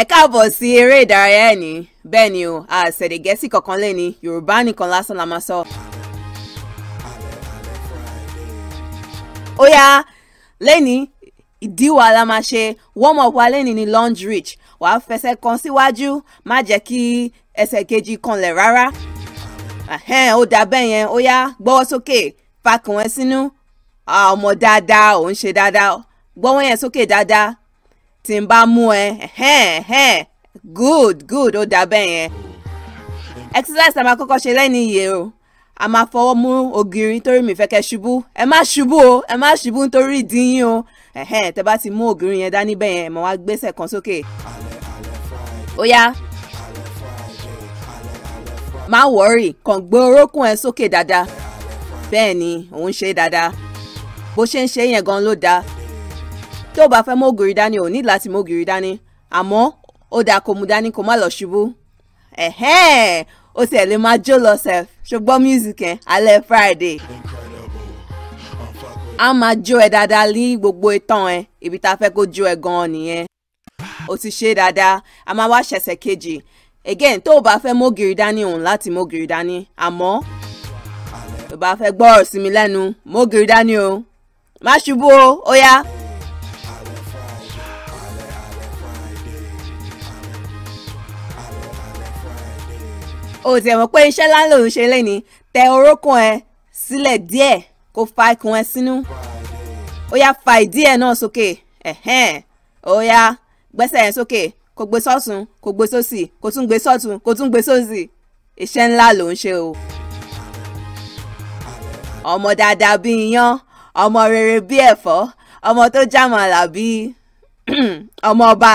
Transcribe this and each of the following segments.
ẹ káàbọ̀ sí eré ìdárayá ẹ̀ ní bẹ́ẹ̀ ni o àṣẹ̀dẹ̀ gẹ̀ẹ́sì kankan lé ní yorùbá nìkan lásán la máa sọ. ó yá lẹ́ni la máa ṣe warm up wa lẹ́ni ní lunge reach wàá fẹsẹ̀ kan síwájú má jẹ́ kí ẹsẹ̀ kejì kanlẹ̀ rárá. ó dà bẹ́ẹ̀ yẹn ó yá gbọ́wọ́ sókè fakùn ẹ sínú ah, ọmọ dáadáa òun ṣe dáadáa gbọ́wọ́ yẹn sókè dáadáa tí n bá mú ẹ good good ó dà bẹ́ẹ̀ yẹn exercise a máa kọ́kọ́ ṣe lẹ́nu iye o a máa fọwọ́ mú ògiri nítorí mi fẹ́ kẹ́ ṣubú ẹ má ṣubú o ẹ má ṣubú nítorí ìdíyín o tẹ bá ti mú ògiri yẹn dání bẹ́ẹ̀ yẹn mọ̀ wá gbésẹ̀ kan sókè ó yá má wọ́ọ̀rì kàn gbé orókùn ẹ sókè dáadáa bẹ́ẹ̀ ni òun ṣe dáadáa bó ṣe ń ṣe yẹn gan ló dáa tó o bá fẹ́ mú ògiri dání o ní láti mú ògiri dání àmọ́ ó dáa kó mú dání kó má lọ ṣubú ẹ̀hẹ́n ó sì ẹ̀ lè máa jó lọ sef ṣùgbọ́n music yẹn alẹ́ Friday a máa jó ẹ dáadáa ní gbogbo ìtàn ẹ ibi tá a fẹ́ kó jó ẹ gan-an nìyẹn ó ti ṣe dáadáa a máa wá ṣẹ̀ṣẹ̀ kejì again tó o bá fẹ́ mógiri dání òun láti mógiri dání àmọ́ tó o bá fẹ́ gbọ́ ọ̀rọ̀ sí mi lẹ́nu mógiri dání o má ṣubú o ó yá. o ò tiẹ̀ mọ̀ pé iṣẹ́ láńlò ń ṣe lẹ́ni tẹ orókùn ẹ sílẹ̀ díẹ̀ kó fa ikùn ẹ sínú ó yá fa ìdí ẹ náà sókè ẹ̀hẹ́n ó yá gbẹ́sẹ̀ ẹ sókè kó gbé sọ́tún kó gbé sósì kó tún gbé sọ́tún kó tún gbé sósì iṣẹ́ ńlá ló ṣe o. ọmọ dáadáa bíi iyán ọmọ rere bíi ẹ̀fọ́ ọmọ tó jàmàlà bíi ọmọ ọba.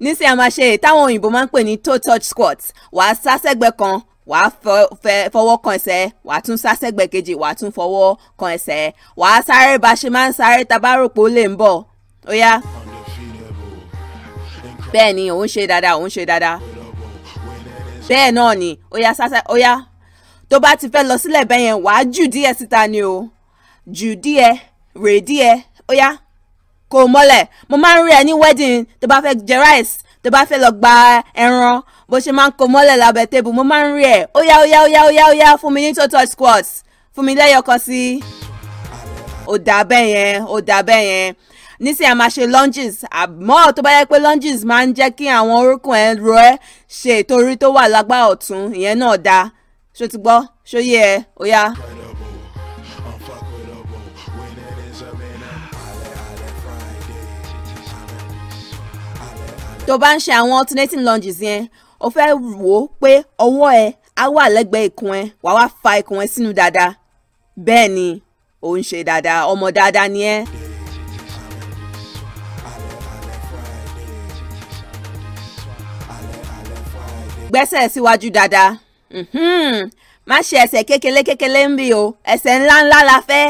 nísìnyí a máa ṣe èyí táwọn òyìnbó máa ń pè ní toe touch squat wàá sá sẹ́gbẹ́ kan wàá fọwọ́ kan ẹsẹ̀ wàá tún sá sẹ́gbẹ́ kejì wàá tún fọwọ́ kan ẹsẹ̀ wàá sáré bá ṣe máa ń sáré tabáròpó lè ń bọ̀ ó yá. bẹ́ẹ̀ ni òun ṣe dáadáa òun ṣe dáadáa bẹ́ẹ̀ náà ni ó yá sásẹ́ ó yá tó bá ti fẹ́ lọ sílẹ̀ bẹ́yẹn wàá jù díẹ̀ síta ni o jù díẹ̀ rè díẹ̀ ó yá kò mọ́lẹ̀ mo máa ń rí ẹ ní wedding tó bá fẹ́ jẹ rice tó bá fẹ́ lọ gba ẹran bó ṣe máa ń kó mọ́lẹ̀ lábẹ́ tébù mo máa ń rí ẹ óyá óyá óyá óyá óyá fún mi ní total squats fún mi lẹ́yọkan sí i ó dà bẹ́ẹ̀ yẹn ó dà bẹ́ẹ̀ yẹn nísìnyí a máa ṣe lunges àmọ́ tó bá yẹ pé lunges máa ń jẹ́ kí àwọn orúnkún ẹ̀ ro ẹ́ ṣe ètò orí tó wà lágbá ọ̀tún ìyẹn náà dáa ṣó ti gbọ́ ṣó yé ẹ ó yá fuck with a boo when it is a man. Ale, ale, Friday. tó bá ń ṣe àwọn alternating lunges yẹn o fẹ́ wò ó pé ọwọ́ ẹ á wà lẹ́gbẹ̀ẹ́ ikùn ẹ wà wá fa ikùn ẹ sínú dáadáa bẹ́ẹ̀ ni ò ń ṣe dáadáa ọmọ dáadáa ni ẹ́. gbẹ́sẹ̀ síwájú dáadáa mhm má ṣe ẹsẹ̀ kékeré kékeré ń bì o ẹsẹ̀ ńláńlá la fẹ́.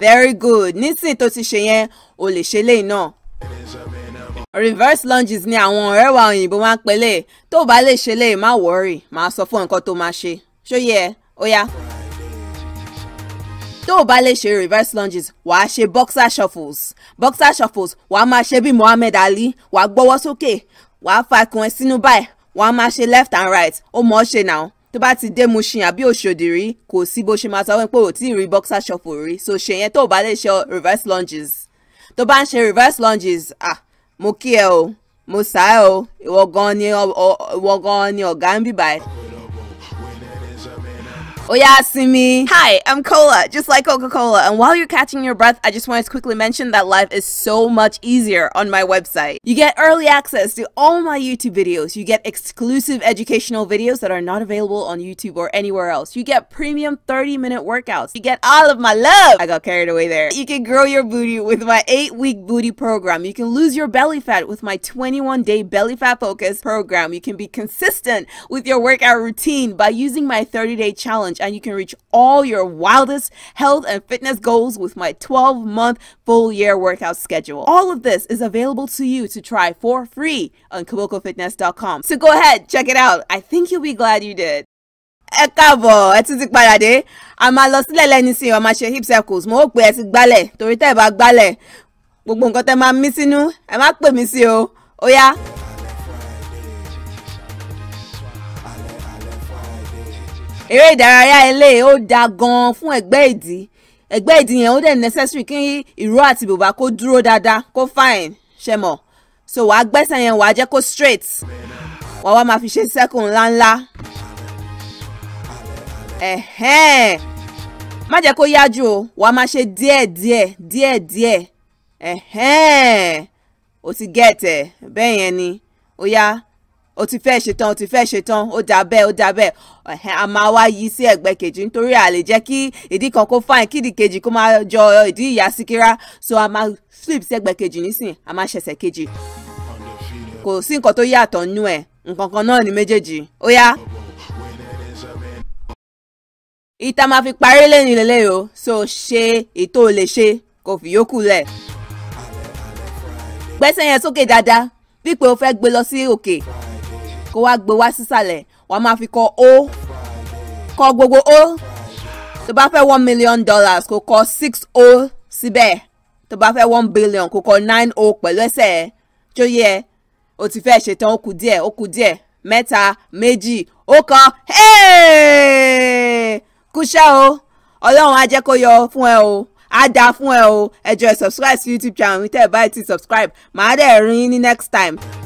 very good nísìn tó ti ṣe yẹn o lè ṣe léyìn náà. reverse lunges ni àwọn ọ̀rẹ́ wa òyìnbó máa ń pẹ́lẹ̀ tó bá lè ṣe léyìn má wọ́ọ̀rì máa sọ fún nǹkan tó máa ṣe ṣóyè ẹ ó tó bá lè ṣe reverse lunges wàá ṣe boxer shuffles boxer shuffles wàá máa ṣe bí Muhammad Ali wàá gbọ́wọ́ sókè wàá fa ikùn ẹ sínú báyìí wàá máa ṣe left and right ó mọ̀ ọ́ ṣe náà tó bá ti dé Mushin àbí Òṣòdì rí kò sí bó ṣe máa sọ wípé ò tí ì rí boxer shuffle rí so ṣe yẹn tó bá lè ṣe reverse lunges tó bá ń ṣe reverse lunges ah mo kí ẹ o mo sá ẹ o ìwọ gan ni ọ̀gá ń bíbá ẹ. Oyasumi. Hi, I'm Cola, just like Coca-Cola. And while you're catching your breath, I just wanted to quickly mention that life is so much easier on my website. You get early access to all my YouTube videos. You get exclusive educational videos that are not available on YouTube or anywhere else. You get premium 30-minute workouts. You get all of my love. I got carried away there. You can grow your booty with my 8-week booty program. You can lose your belly fat with my 21-day belly fat focus program. You can be consistent with your workout routine by using my 30-day challenge challenge, and you can reach all your wildest health and fitness goals with my 12 month full year workout schedule. All of this is available to you to try for free on kabokofitness.com. So go ahead, check it out. I think you'll be glad you did. ẹ káàbọ̀ ẹ tún ti padà dé a máa lọ sílẹ̀ lẹ́ni sí ọ máa ṣe hip circles mo ó pè ẹ ti gbálẹ̀ torí tẹ́ ẹ bá gbálẹ̀ gbogbo nǹkan tẹ́ máa mí sínú ẹ má pè mí sí o ó yá. eré ìdárayá eléyìí ó da gan-an fún ẹgbẹ́ ìdí ẹgbẹ́ ìdí yẹn ó dẹ̀ necessary kí ìró àti bùbá kó dúró dáadáa kó fine ṣe mọ̀ so wàá gbẹ́sẹ̀ yẹn wàá jẹ́ kó straight wàá wá máa fi ṣe sẹ́kùn ńláńlá ẹ̀hẹ́n má jẹ́ kó yájú o wàá máa ṣe díẹ̀díẹ̀ díẹ̀díẹ̀ ẹ̀hẹ́n o ti gẹ̀ẹ́tẹ̀ bẹ́ẹ̀ yẹn ni ó yá o ti fẹ́ ṣetán o ti fẹ́ ṣetán o dà bẹ́ẹ̀ o dà bẹ́ẹ̀ a máa wá yí sí ẹ̀gbẹ́ kejì nítorí a lè jẹ́ kí ìdí kan kó fáìn kí ìdí kejì kó máa jọ ìdí ìyá síkírá so a máa flip sí ẹ̀gbẹ́ kejì nísìn a máa ṣẹ̀ṣẹ̀ kejì kò sí nǹkan tó yàtọ̀ nínú ẹ̀ nǹkan kan náà ni méjèèjì ó yá ìta máa fi parí lẹ́nu lélẹ́ o so ṣe ètò ò lè ṣe kò fi yókù lẹ̀ gbẹ́sẹ̀ yẹn sókè dáadáa bí pé o fẹ́ gbé lọ sí òkè. Okay kó wá gbé wá sísàlẹ̀ wàá máa fi kọ o kọ gbogbo o tó bá fẹ́ one million dollars kó kọ six o síbẹ̀ tó bá fẹ́ one billion kó kọ nine o pẹ̀lú ẹsẹ̀ tó yẹ o ti fẹ́ ṣetán ó kù díẹ̀ ó kù díẹ̀ mẹ́ta méjì ó kan kúṣẹ́ o ọlọ́run á kó yọ fún ẹ o á dáa fún ẹ o ẹ jọ̀ọ́ ẹ subscribe sí YouTube channel mi tẹ́ ẹ báyìí ti subscribe màá dẹ̀ rí yín ní next time.